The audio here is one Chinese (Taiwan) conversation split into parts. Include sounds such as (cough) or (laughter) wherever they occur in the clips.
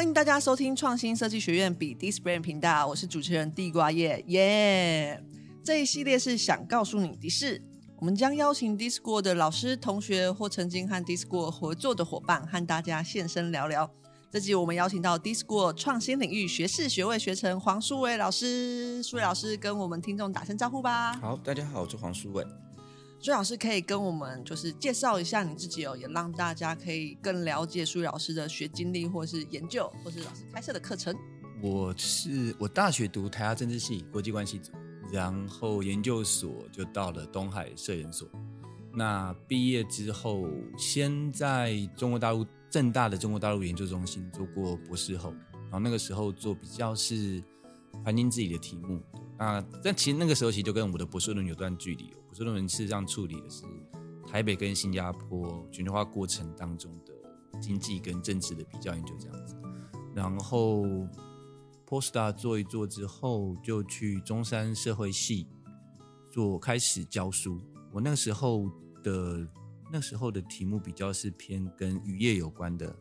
歡迎大家收聽創新設計學院 b Discipline 頻道，我是主持人地瓜葉耶。Yeah! 這一系列是想告訴你 D 是，我們將邀請 D-School 的老師、同學或曾經和 D-School 合作的夥伴，和大家現身聊聊。這集我們邀請到 D-School 創新領域學士學位學程黃書緯老師，書緯老師跟我們聽眾打聲招呼吧。好，大家好，我是黃書緯。書緯老師，可以跟我們就是介紹一下你自己哦，也讓大家可以更了解書緯老師的學經歷，或是研究，或是老師開設的課程。我是我大學讀台大政治系國際關係組，然後研究所就到了東海社研所。那畢業之後，先在中國大陸政大的中國大陸研究中心做過博士後，然後那個時候做比較是。反映自己的題目，那但其實那個時候其實就跟我們的博士論文有段距離。博士論文事實上處理的：是台北跟新加坡全球化過程當中的經濟跟政治的比較研究這樣子。然後 poster 做一做之後，就去中山社會系做開始教書。我那個時候的那時候的題目比較是偏跟漁業有關的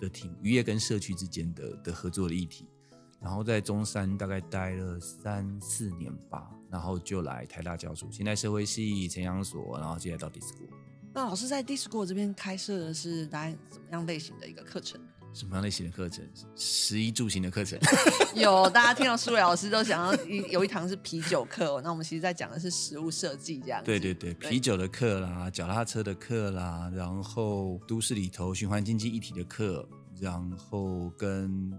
的題目，漁業跟社區之間的的合作的議題。然後在中山大概待了三四年吧，然後就來台大教書，現在社會系城鄉所，然後現在到 D-School。那老師在 D-School 這邊開設的是大概怎麼樣類型的一個課程？什麼樣類型的課程？食衣住行的課程。 (laughs) 有，大家聽到書緯老師都講到有一堂是啤酒課、哦， (laughs) 那我們其實在講的是食物設計這樣。對對,對,對，啤酒的課啦，腳踏車的課啦，然後都市裡頭循環經濟一體的課，然後跟。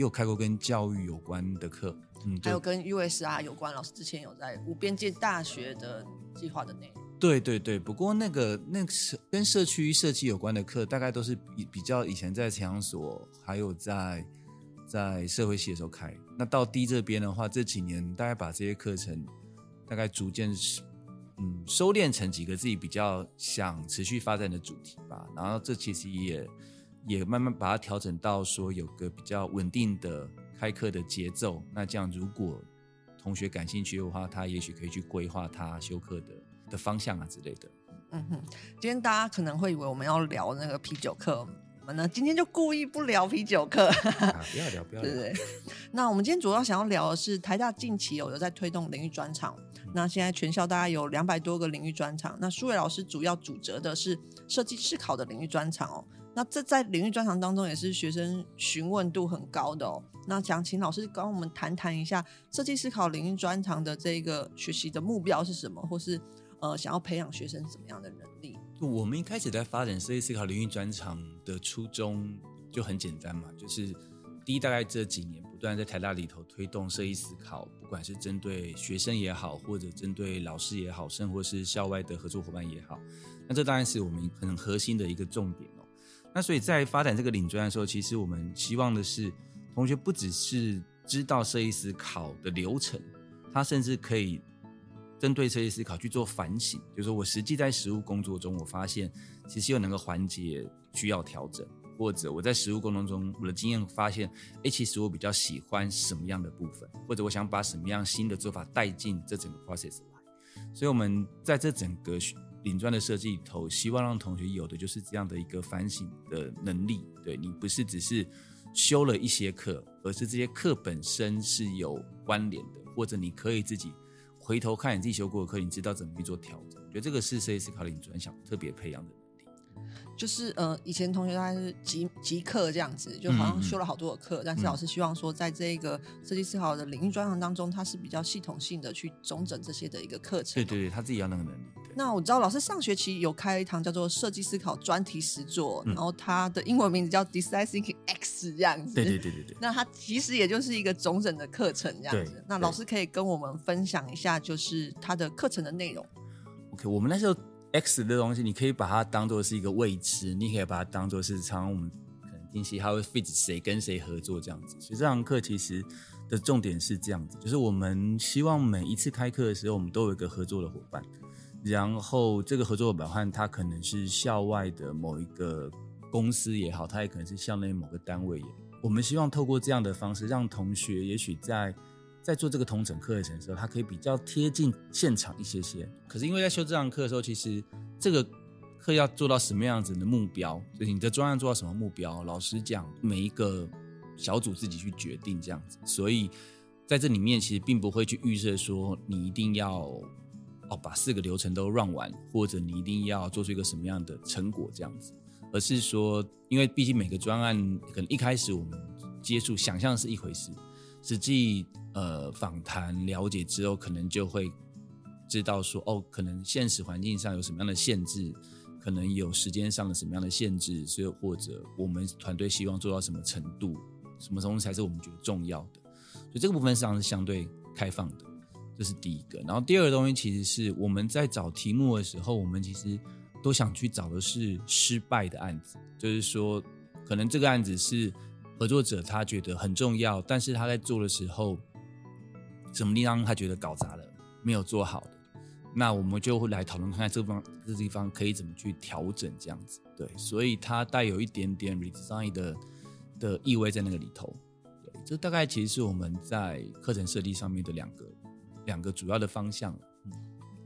也有開過跟教育有關的課，嗯，還有跟 USR 有關。老師之前有在無邊界大學的計劃的內容。對對對，不過那個那個跟社區設計有關的課，大概都是比比較以前在城鄉所，還有在在社會系的時候開。那到 D 這邊的話，這幾年大概把這些課程，大概逐漸嗯收斂成幾個自己比較想持續發展的主題吧。然後這其實也，也慢慢把它調整到說有個比較穩定的開課的節奏。那這樣，如果同學感興趣的話，他也許可以去規劃他修課的的方向啊之類的。嗯哼，今天大家可能會以為我們要聊那個啤酒課，我們呢今天就故意不聊啤酒課，啊，不要聊，不要聊， (laughs) 對，對，對那我們今天主要想要聊的是台大近期有在推動領域專長，嗯。那現在全校大概有兩百多個領域專長。那書緯老師主要主責的是設計思考的領域專長哦。那這在領域專長當中也是學生詢問度很高的哦。那想請老師跟我們談談一下設計思考領域專長的這個學習的目標是什麼，或是呃想要培養學生什麼樣的能力？我們一開始在發展設計思考領域專長的初衷就很簡單嘛，就是第一，大概這幾年不斷在台大裡頭推動設計思考，不管是針對學生也好，或者針對老師也好，甚或是校外的合作夥伴也好，那這當然是我們很核心的一個重點。那所以，在發展這個領專的時候，其實我們希望的是，同學不只是知道設計思考的流程，他甚至可以針對設計思考去做反省，就是說，我實際在實務工作中，我發現其實有哪個環節需要調整，或者我在實務過程中我的經驗發現，誒，其實我比較喜歡什麼樣的部分，或者我想把什麼樣新的做法帶進這整個 process 來。所以，我們在這整個選領專的設計裡頭，希望讓同學有的就是這樣的一個反省的能力。對，你不是只是修了一些課，而是這些課本身是有關聯的，或者你可以自己回頭看你自己修過的課，你知道怎麼去做調整。我覺得這個是設計思考領專想特別培養的能力。就是呃，以前同學他是集集課這樣子，就好像修了好多的課，嗯，但是老師希望說，在這個設計思考的領域專項當中，他是比較系統性的去總整這些的一個課程喔。對對對，他自己要那個能力。那我知道老師上學期有開一堂叫做設計思考專題實作，嗯、然後他的英文名字叫 Design Thinking X，這樣子。對對對對對，對。那他其實也就是一個總整的課程這樣子。那老師可以跟我們分享一下，就是他的課程的內容。對對。OK，我們那時候 X 的東西你，你可以把它當做是一個未知，你可以把它當做是，常常我們可能定期還會 fit 誰跟誰合作這樣子。所以這堂課其實的重點是這樣子，就是我們希望每一次開課的時候，我們都有一個合作的夥伴。然後這個合作夥伴，他可能是校外的某一個公司也好，他也可能是校內某個單位也好。我們希望透過這樣的方式，讓同學也許在在做這個總整課程的時候，他可以比較貼近現場一些些。可是因為在修這堂課的時候，其實這個課要做到什麼樣子的目標，就是你的專案做到什麼目標，老實講每一個小組自己去決定這樣子。所以在這裡面其實並不會去預設說你一定要。哦，把四個流程都 run 完，或者你一定要做出一個什麼樣的成果這樣子，而是說，因為畢竟每個專案可能一開始我們接觸想象是一回事，實際呃訪談了解之後，可能就會知道說，哦，可能現實環境上有什麼樣的限制，可能有時間上的什麼樣的限制，所以或者我們團隊希望做到什麼程度，什麼東西才是我們覺得重要的，所以這個部分實際上是相對開放的。這是第一個，然後第二個東西其實是我們在找題目的時候，我們其實都想去找的是失敗的案子，就是說可能這個案子是合作者他覺得很重要，但是他在做的時候什麼地方他覺得搞砸了，沒有做好的，那我們就會來討論看看這方這地方可以怎麼去調整，這樣子，對，所以它帶有一點點 re-design 的的意味在那個裡頭，對，這大概其實是我們在課程設計上面的兩個。兩個主要的方向，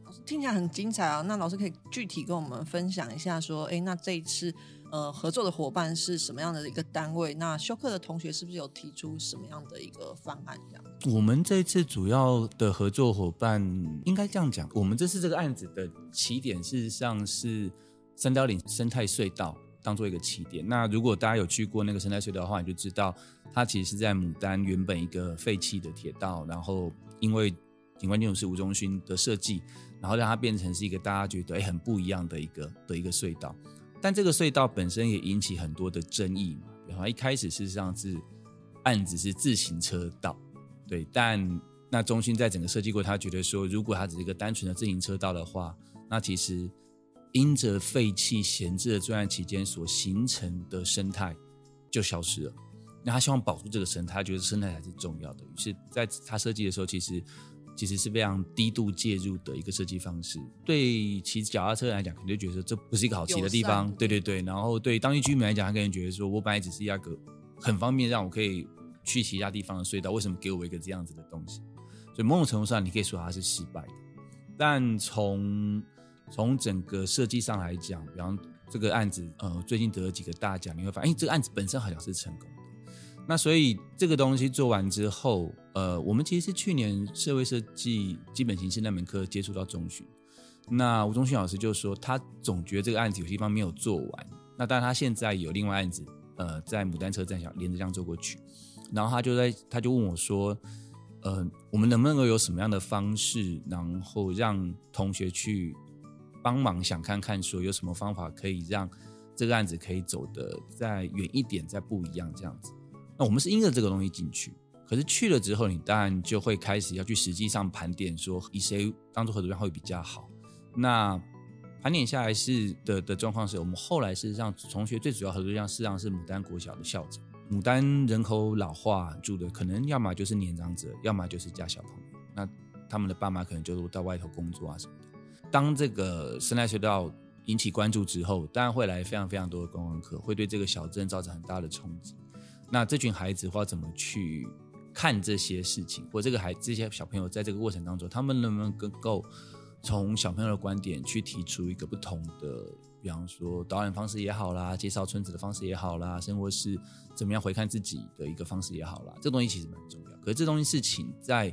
老師聽起來很精彩啊！那老師可以具體跟我們分享一下，說，哎，那這一次呃合作的夥伴是什麼樣的一個單位？那修課的同學是不是有提出什麼樣的一個方案？這樣，我們這次主要的合作夥伴應該這樣講，我們這次這個案子的起點事實上是三貂嶺生態隧道當做一個起點。那如果大家有去過那個生態隧道的話，你就知道它其實是在牡丹原本一個廢棄的鐵道，然後因為景觀建築師吳中勳的設計，然後讓它變成是一個大家覺得、欸、很不一樣的一個的一個隧道，但這個隧道本身也引起很多的爭議嘛。然後一開始事實上是案子是自行車道，對，但那中勳在整個設計過，他覺得說如果它只是一個單純的自行車道的話，那其實因着廢棄閒置的作案期間所形成的生態就消失了。那他希望保住這個生態，他覺得生態才是重要的。於是，在他設計的時候，其實，其實是非常低度介入的一個設計方式，對騎腳踏車人來講，可能就覺得這不是一個好騎的地方的。對對對，然後對當地居民來講，他可能覺得說我本來只是一個很方便讓我可以去其他地方的隧道，為什麼給我一個這樣子的東西？所以某種程度上，你可以說它是失敗的。但從從整個設計上來講，比方這個案子，呃，最近得了幾個大獎，你會發現，欸，這個案子本身好像是成功。那所以這個東西做完之後，呃，我們其實是去年社會設計基本形式那門課接觸到忠勳，那吳忠勳老師就說，他總覺得這個案子有些地方沒有做完。那當然他現在有另外一案子，呃，在牡丹車站想連着這樣做過去，然後他就在他就問我說，呃，我們能不能夠有什麼樣的方式，然後讓同學去幫忙想看看，說有什麼方法可以讓這個案子可以走得再遠一點，再不一樣這樣子。那我們是因為這個東西進去，可是去了之後，你當然就會開始要去實際上盤點，說以誰當做合作夥伴會比較好。那盤點下來是的的狀況是，我們後來事實上同學最主要合作夥伴實際上是牡丹國小的校長。牡丹人口老化住的可能要麼就是年長者，要麼就是家小朋友。那他們的爸媽可能就是到外頭工作啊什麼的。當這個生態隧道引起關注之後，當然會來非常非常多的觀光客，會對這個小鎮造成很大的衝擊。那這群孩子或怎麼去看這些事情，或者這個孩這些小朋友在這個過程當中，他們能不能夠從小朋友的觀點去提出一個不同的，比方說導演方式也好啦，介紹村子的方式也好啦，生活是怎麼樣回看自己的一個方式也好啦，這東西其實蠻重要。可是這東西事情在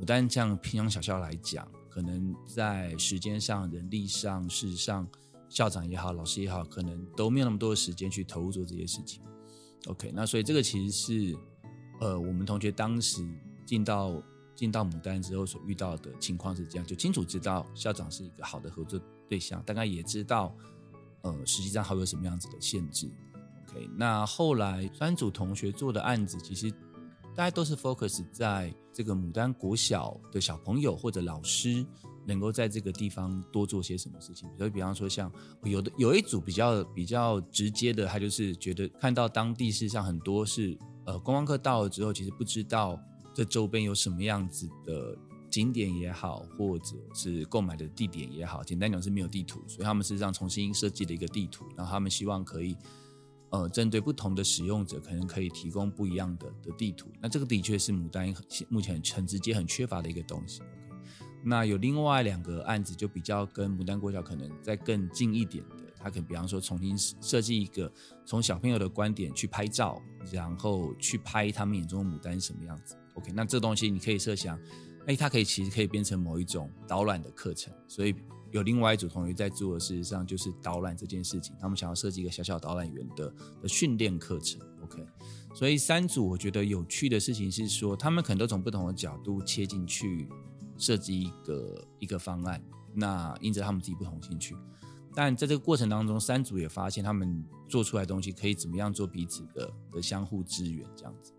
牡丹這樣平常小校來講，可能在時間上、人力上、事實上，校長也好、老師也好，可能都沒有那麼多的時間去投入做這些事情。OK，那所以這個其實是，呃，我們同學當時進到進到牡丹之後所遇到的情況是這樣，就清楚知道校長是一個好的合作對象，大概也知道，呃，實際上還有什麼樣子的限制。OK，那後來專組同學做的案子，其實大家都是 focus 在這個牡丹國小的小朋友或者老師。能夠在這個地方多做些什麼事情，所以比方說像有的有一組比較比較直接的，他就是覺得看到當地事實上很多是呃觀光客到了之後，其實不知道這周邊有什麼樣子的景點也好，或者是購買的地點也好，簡單講是沒有地圖，所以他們是讓重新設計了一個地圖，然後他們希望可以呃針對不同的使用者，可能可以提供不一樣的的地圖。那這個的確是牡丹目前很，很直接、很缺乏的一個東西。那有另外兩個案子，就比較跟牡丹國小可能再更近一點的，他可能比方說重新設計一個從小朋友的觀點去拍照，然後去拍他們眼中的牡丹是什麼樣子。OK，那這東西你可以設想，哎、欸，他可以其實可以變成某一種導覽的課程。所以有另外一組同學在做的，事實上就是導覽這件事情，他們想要設計一個小小導覽員的的訓練課程。OK，所以三組我覺得有趣的事情是說，他們可能都從不同的角度切進去，設計一個一個方案，那因着他們自己不同興趣，但在這個過程當中，三組也發現他們做出來的東西可以怎麼樣做彼此的的相互支援，這樣子。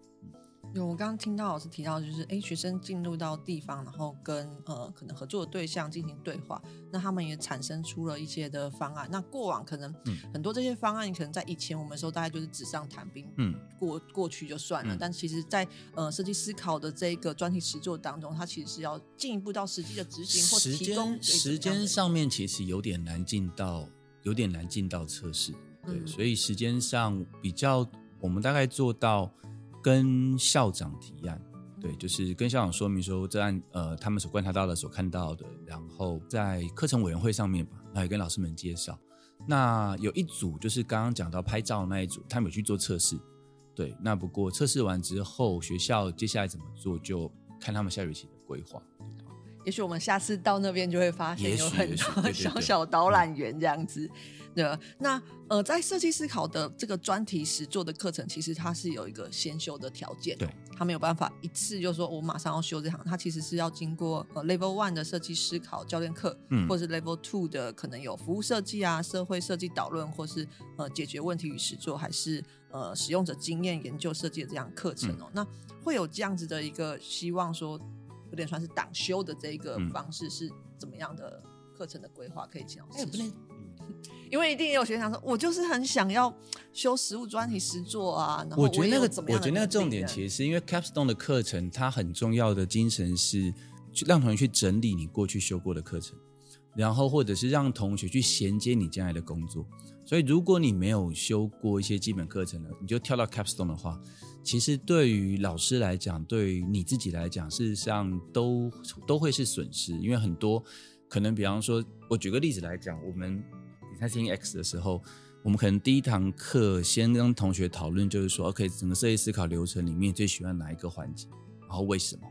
有，我剛剛聽到老師提到，就是哎，學生進入到地方，然後跟呃可能合作的對象進行對話，那他們也產生出了一些的方案。那過往可能很多這些方案，可能在以前我們說大概就是紙上談兵，嗯，過過去就算了。嗯、但其實在，在呃設計思考的這個專題實作當中，它其實是要進一步到實際的執行或提供。時間時間上面其實有點難進到，有點難進到測試，對，嗯、所以時間上比較，我們大概做到。跟校長提案，對，就是跟校長說明說，這案呃他們所觀察到的，所看到的，然後在課程委員會上面吧，還有跟老師們介紹。那有一組就是剛剛講到拍照那一組，他們有去做測試，對。那不過測試完之後，學校接下來怎麼做，就看他們下學期的規劃。也許我們下次到那邊就會發現有很多小小導覽員這樣子。對，那呃，在設計思考的這個專題實作的課程，其實它是有一個先修的條件，對，他沒有辦法一次就說我馬上要修這行，他其實是要經過呃 Level one 的設計思考教練課，嗯，或是 Level two 的可能有服務設計啊、社會設計導論，或是呃解決問題與實作，還是呃使用者經驗研究設計的這樣的課程哦、嗯。那會有這樣子的一個希望說，有點算是擋修的這一個方式是怎麼樣的課程的規劃，嗯、可以請因為一定也有學生想說，我就是很想要修實務專題實作啊。我覺得那個怎麼樣、啊？我覺得那個重點其實是因為 capstone 的課程，它很重要的精神是讓同學去整理你過去修過的課程，然後或者是讓同學去銜接你將來的工作。所以，如果你沒有修過一些基本課程呢，你就跳到 capstone 的話，其實對於老師來講，對於你自己來講，事實上都都會是損失。因為很多可能，比方說，我舉個例子來講，我們。在 Thinking X 的時候，我們可能第一堂課先跟同學討論，就是說，OK，整個設計思考流程裡面最喜歡哪一個環節，然後為什麼？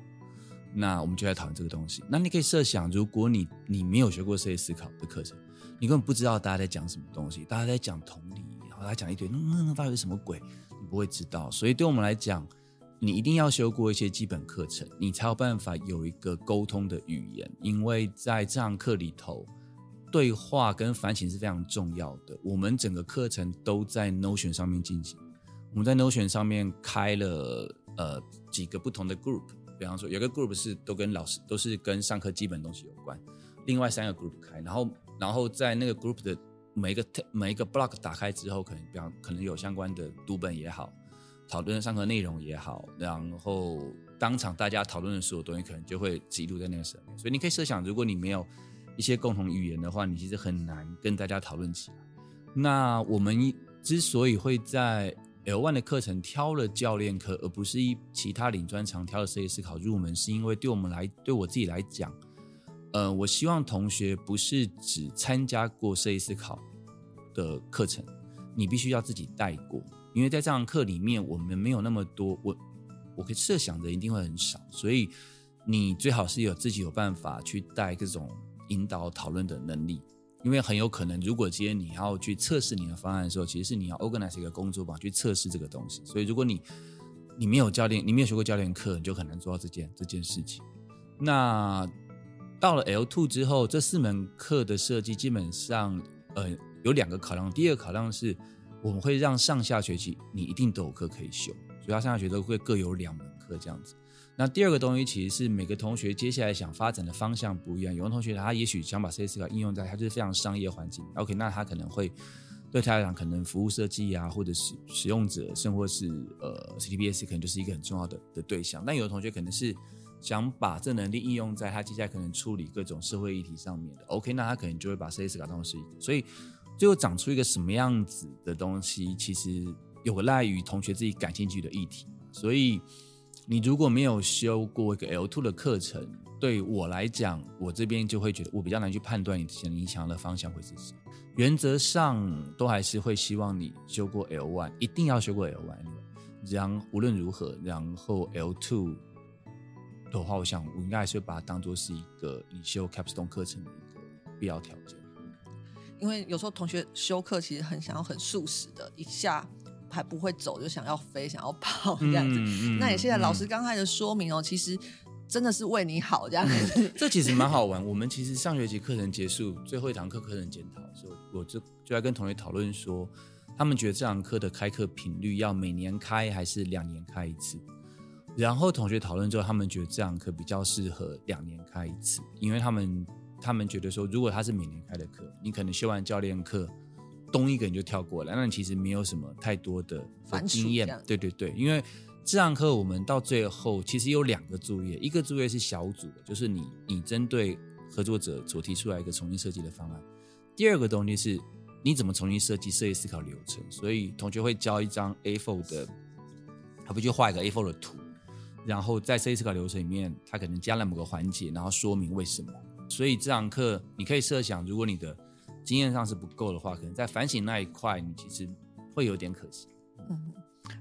那我們就來討論這個東西。那你可以設想，如果你你沒有學過設計思考的課程，你根本不知道大家在講什麼東西，大家在講同理，然後大家講一堆那那那到底是什麼鬼，你不會知道。所以對我們來講，你一定要修過一些基本課程，你才有辦法有一個溝通的語言，因為在這堂課裡頭。對話跟反省是非常重要的。我們整個課程都在 Notion 上面進行。我們在 Notion 上面開了呃幾個不同的 group，比方說有個 group 是都跟老師都是跟上課基本東西有關，另外三個 group 開，然後然後在那個 group 的每一個每一個 block 打開之後，可能比方可能有相關的讀本也好，討論上課的內容也好，然後當場大家討論的所有東西可能就會記錄在那個上面。所以你可以設想，如果你沒有一些共同語言的話，你其實很難跟大家討論起來。那我們之所以會在 L1 的課程挑了教練課，而不是一其他領專長挑了設計思考入門，是因為對我們來，對我自己來講，呃，我希望同學不是只參加過設計思考的課程，你必須要自己帶過，因為在這堂課裡面，我們沒有那麼多我，我可以設想的一定會很少，所以你最好是有自己有辦法去帶這種。引導討論的能力，因為很有可能，如果今天你要去測試你的方案的時候，其實是你要 organize 一個工作坊，去測試這個東西。所以，如果你你沒有教練，你沒有學過教練課，你就很難做到這件這件事情。那到了 L two 之後，這四門課的設計基本上，呃，有兩個考量。第一個考量是，我們會讓上下學期你一定都有課可以修，所以要上下學期都會各有兩門課這樣子。那第二個東西其實是每個同學接下來想發展的方向不一樣，有的同學他也許想把 C S 卡應用在他就是非常商業環境，OK，那他可能會對他來講可能服務設計啊，或者是使用者，甚或是呃 C T P S，可能就是一個很重要的的對象。但有的同學可能是想把這能力應用在他接下來可能處理各種社會議題上面的，OK，那他可能就會把 C S 卡當成是一個。所以最後長出一個什麼樣子的東西，其實有賴於同學自己感興趣的議題，所以。你如果沒有修過一個 L two 的課程，對我來講，我這邊就會覺得我比較難去判斷你之前理想的方向會是什麼。原則上，都還是會希望你修過 L one，一定要修過 L one。然後無論如何，然後 L two 的話，我想我應該還是會把它當做是一個你修 capstone 課程的一個必要條件。因為有時候同學修課其實很想要很速食的，一下。還不會走，就想要飛，想要跑這樣子。嗯嗯、那也現在老師剛才的說明哦、嗯，其實真的是為你好這樣子、嗯。這其實蠻好玩。 (laughs) 我們其實上學期課程結束最後一堂課課程檢討，所以我就就在跟同學討論說，他們覺得這堂課的開課頻率要每年開還是兩年開一次？然後同學討論之後，他們覺得這堂課比較適合兩年開一次，因為他們他們覺得說，如果他是每年開的課，你可能修完教練課。東一個人就跳過了，那你其實沒有什麼太多的經驗。對對對，因為這堂課我們到最後其實有兩個作業，一個作業是小組的，就是你你針對合作者所提出來一個重新設計的方案；第二個東西是你怎麼重新設計設計思考流程。所以同學會交一張 A4 的，他不就畫一個 A4 的圖，然後在設計思考流程裡面，他可能加了某個環節，然後說明為什麼。所以這堂課你可以設想，如果你的。經驗上是不夠的話，可能在反省那一塊，你其實會有點可惜。嗯，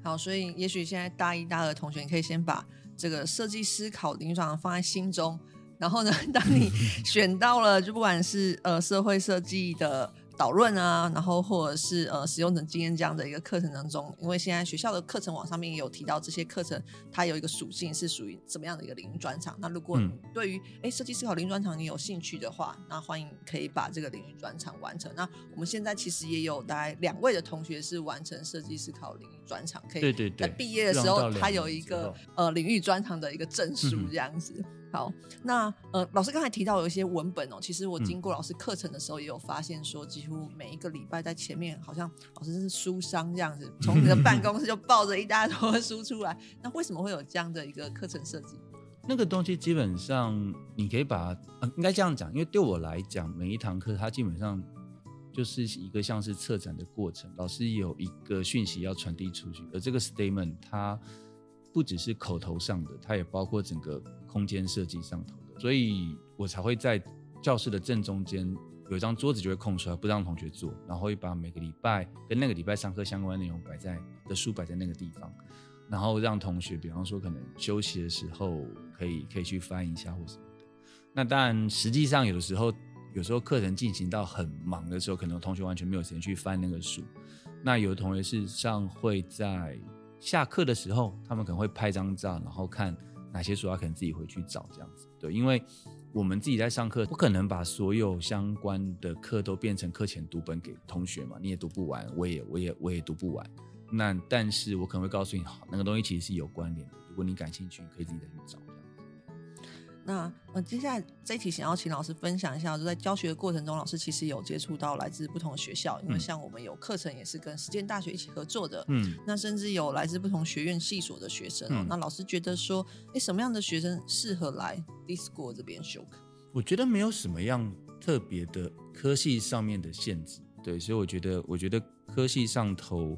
好，所以也許現在大一、大二同學，你可以先把這個設計思考領域放在心中，然後呢，當你選到了， (laughs) 就不管是呃社會設計的。導論啊，然後或者是呃使用者經驗這樣的一個課程當中，因為現在學校的課程網上面也有提到這些課程，它有一個屬性是屬於什麼樣的一個領域專長。那如果對於哎、嗯、設計思考領域專長你有興趣的話，那歡迎可以把這個領域專長完成。那我們現在其實也有大概兩位的同學是完成設計思考領域專長，可以對對對，在畢業的時候他有一個呃領域專長的一個證書這樣子。嗯好，那呃，老師剛才提到有一些文本哦，其實我經過老師課程的時候也有發現，說幾乎每一個禮拜在前面好像老師是書商這樣子，從你的辦公室就抱着一大坨書出來， (laughs) 那為什麼會有這樣的一個課程設計？那個東西基本上你可以把它，啊、應該這樣講，因為對我來講，每一堂課它基本上就是一個像是策展的過程，老師有一個訊息要傳遞出去，而這個 statement 它不只是口頭上的，它也包括整個空間設計上頭的，所以我才會在教室的正中間有一張桌子就會空出來，不讓同學坐，然後會把每個禮拜跟那個禮拜上課相關內容擺在的書擺在那個地方，然後讓同學，比方說可能休息的時候可以可以去翻一下或什麼的。那當然，實際上有的時候，有時候課程進行到很忙的時候，可能同學完全沒有時間去翻那個書。那有的同學事實上會在。下課的時候，他們可能會拍張照，然後看哪些書，他可能自己回去找這樣子。對，因為我們自己在上課，不可能把所有相關的課都變成課前讀本給同學嘛，你也讀不完，我也，我也，我也讀不完。那但是我可能會告訴你，好，那個東西其實是有關聯的，如果你感興趣，你可以自己再去找。那嗯，接下來這一題想要請老師分享一下，就在教學的過程中，老師其實有接觸到來自不同的學校，因為像我們有課程也是跟實踐大學一起合作的，嗯，那甚至有來自不同學院系所的學生哦、嗯。那老師覺得說，哎、欸，什麼樣的學生適合來 D-School 這邊修課？我覺得沒有什麼樣特別的科系上面的限制，對，所以我覺得，我覺得科系上頭，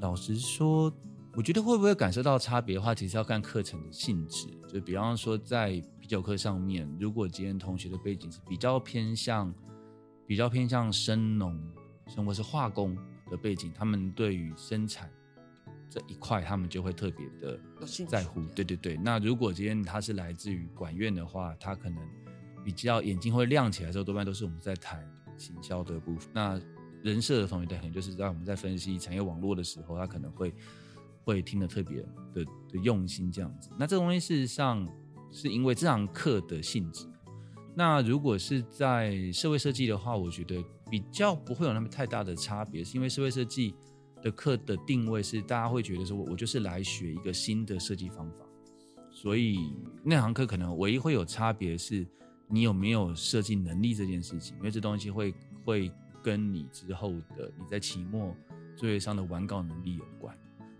老實說。我覺得會不會感受到差別的話，其實要看課程的性質。就比方說，在啤酒課上面，如果今天同學的背景是比較偏向、比較偏向生農，甚至是化工的背景，他們對於生產這一塊，他們就會特別的在乎、啊。對對對。那如果今天他是來自於管院的話，他可能比較眼睛會亮起來，之後多半都是我們在談行銷的部分。那人社的同學，他可能就是在我們在分析產業網絡的時候，他可能會。會聽得特別的的用心這樣子，那這種東西事實上是因為這堂課的性質。那如果是在社會設計的話，我覺得比較不會有那麼太大的差別，是因為社會設計的課的定位是大家會覺得說，我就是來學一個新的設計方法。所以那堂課可能唯一會有差別是，你有沒有設計能力這件事情，因為這東西會會跟你之後的你在期末作業上的完稿能力有，有。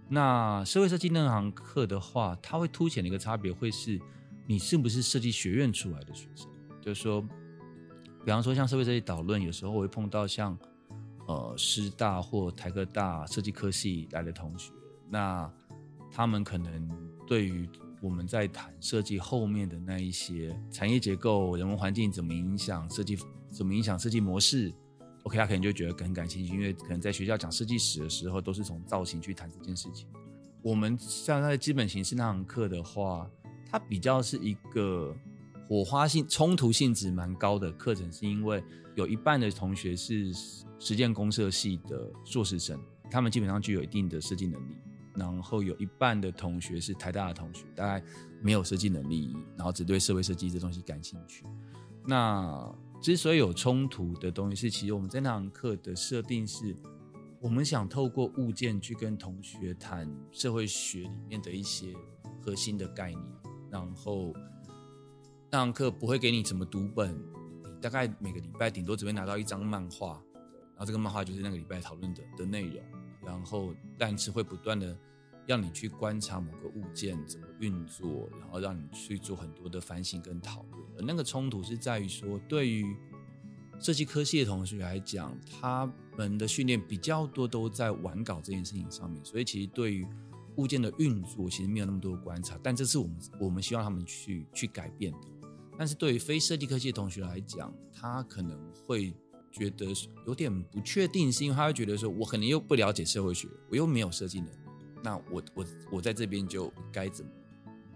那社會設計那堂課的話，它會凸顯的一個差別，會是你是不是設計學院出來的學生。就是說，比方說像社會設計導論，有時候我會碰到像呃師大或台科大設計科系來的同學，那他們可能對於我們在談設計後面的那一些產業結構、人文環境怎麼影響設計，怎麼影響設計模式。OK，他、啊、可能就覺得很感興趣，因為可能在學校講設計史的時候，都是從造型去談這件事情。我們像在基本形式那堂課的話，它比較是一個火花性、衝突性質蠻高的課程，是因為有一半的同學是實踐工設系的碩士生，他們基本上具有一定的設計能力；然後有一半的同學是台大的同學，大概沒有設計能力，然後只對社會設計這東西感興趣。那之所以有衝突的東西，是其實我們在那堂課的設定是，我們想透過物件去跟同學談社會學裡面的一些核心的概念。然後那堂課不會給你什麼讀本，你大概每個禮拜頂多只會拿到一張漫畫，然後這個漫畫就是那個禮拜討論的的內容。然後但是會不斷的。讓你去觀察某個物件怎麼運作，然後讓你去做很多的反省跟討論。那個衝突是在於說，對於設計科系的同學來講，他們的訓練比較多都在玩搞這件事情上面，所以其實對於物件的運作，其實沒有那麼多觀察。但這是我們我們希望他們去去改變的。但是對於非設計科系的同學來講，他可能會覺得有點不確定性，因為他會覺得說，我可能又不了解社會學，我又沒有設計能力。那我我我在這邊就該怎麼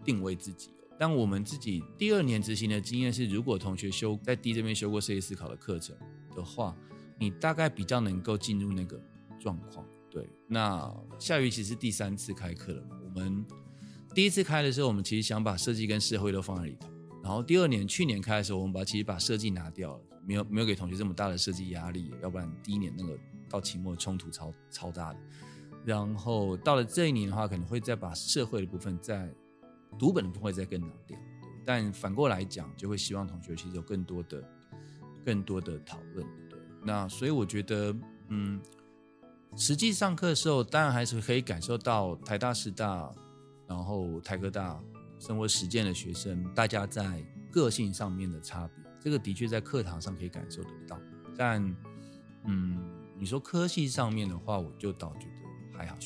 定位自己？但我們自己第二年執行的經驗是，如果同學修在 D 這邊修過設計思考的課程的話，你大概比較能夠進入那個狀況。對，那下學期其實是第三次開課了嘛。我們第一次開的時候，我們其實想把設計跟社會都放在裡頭。然後第二年去年開的時候，我們把其實把設計拿掉了，沒有沒有給同學這麼大的設計壓力，要不然第一年那個到期末衝突超超大的。然後到了這一年的話，可能會再把社會的部分再、再讀本的部分再更拿掉，對。但反過來講，就會希望同學其實有更多的、更多的討論。對，那所以我覺得，嗯，實際上課的時候，當然還是可以感受到台大、師大，然後台科大生活實踐的學生，大家在個性上面的差別，這個的確在課堂上可以感受得到。但，嗯，你說科系上面的話，我就倒覺得。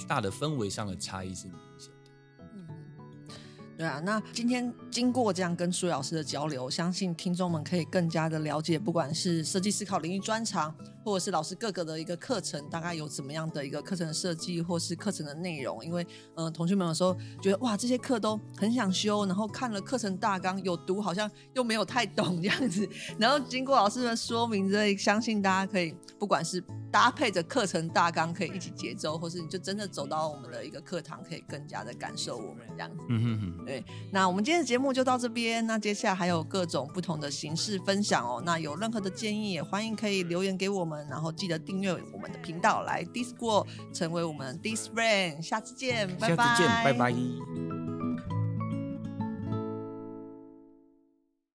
大的氛圍上的差異是明顯的。嗯，對啊，那今天經過這樣跟書緯老師的交流，相信聽眾們可以更加的了解，不管是設計思考領域專長，或者是老師各個的一個課程，大概有怎麼樣的一個課程設計，或是課程的內容。因為，嗯、呃，同學們有時候覺得哇，這些課都很想修，然後看了課程大綱有讀，好像又沒有太懂這樣子，然後經過老師的說明，這相信大家可以，不管是。搭配着課程大綱可以一起節奏，或是你就真的走到我們的一個課堂，可以更加的感受我們這樣子。嗯哼，哼。對，那我們今天的節目就到這邊，那接下來還有各種不同的形式分享哦。那有任何的建議，也歡迎可以留言給我們，然後記得訂閱我們的頻道來 D-School，成為我們 D-School Friend。下次見，拜拜。下次見，拜拜。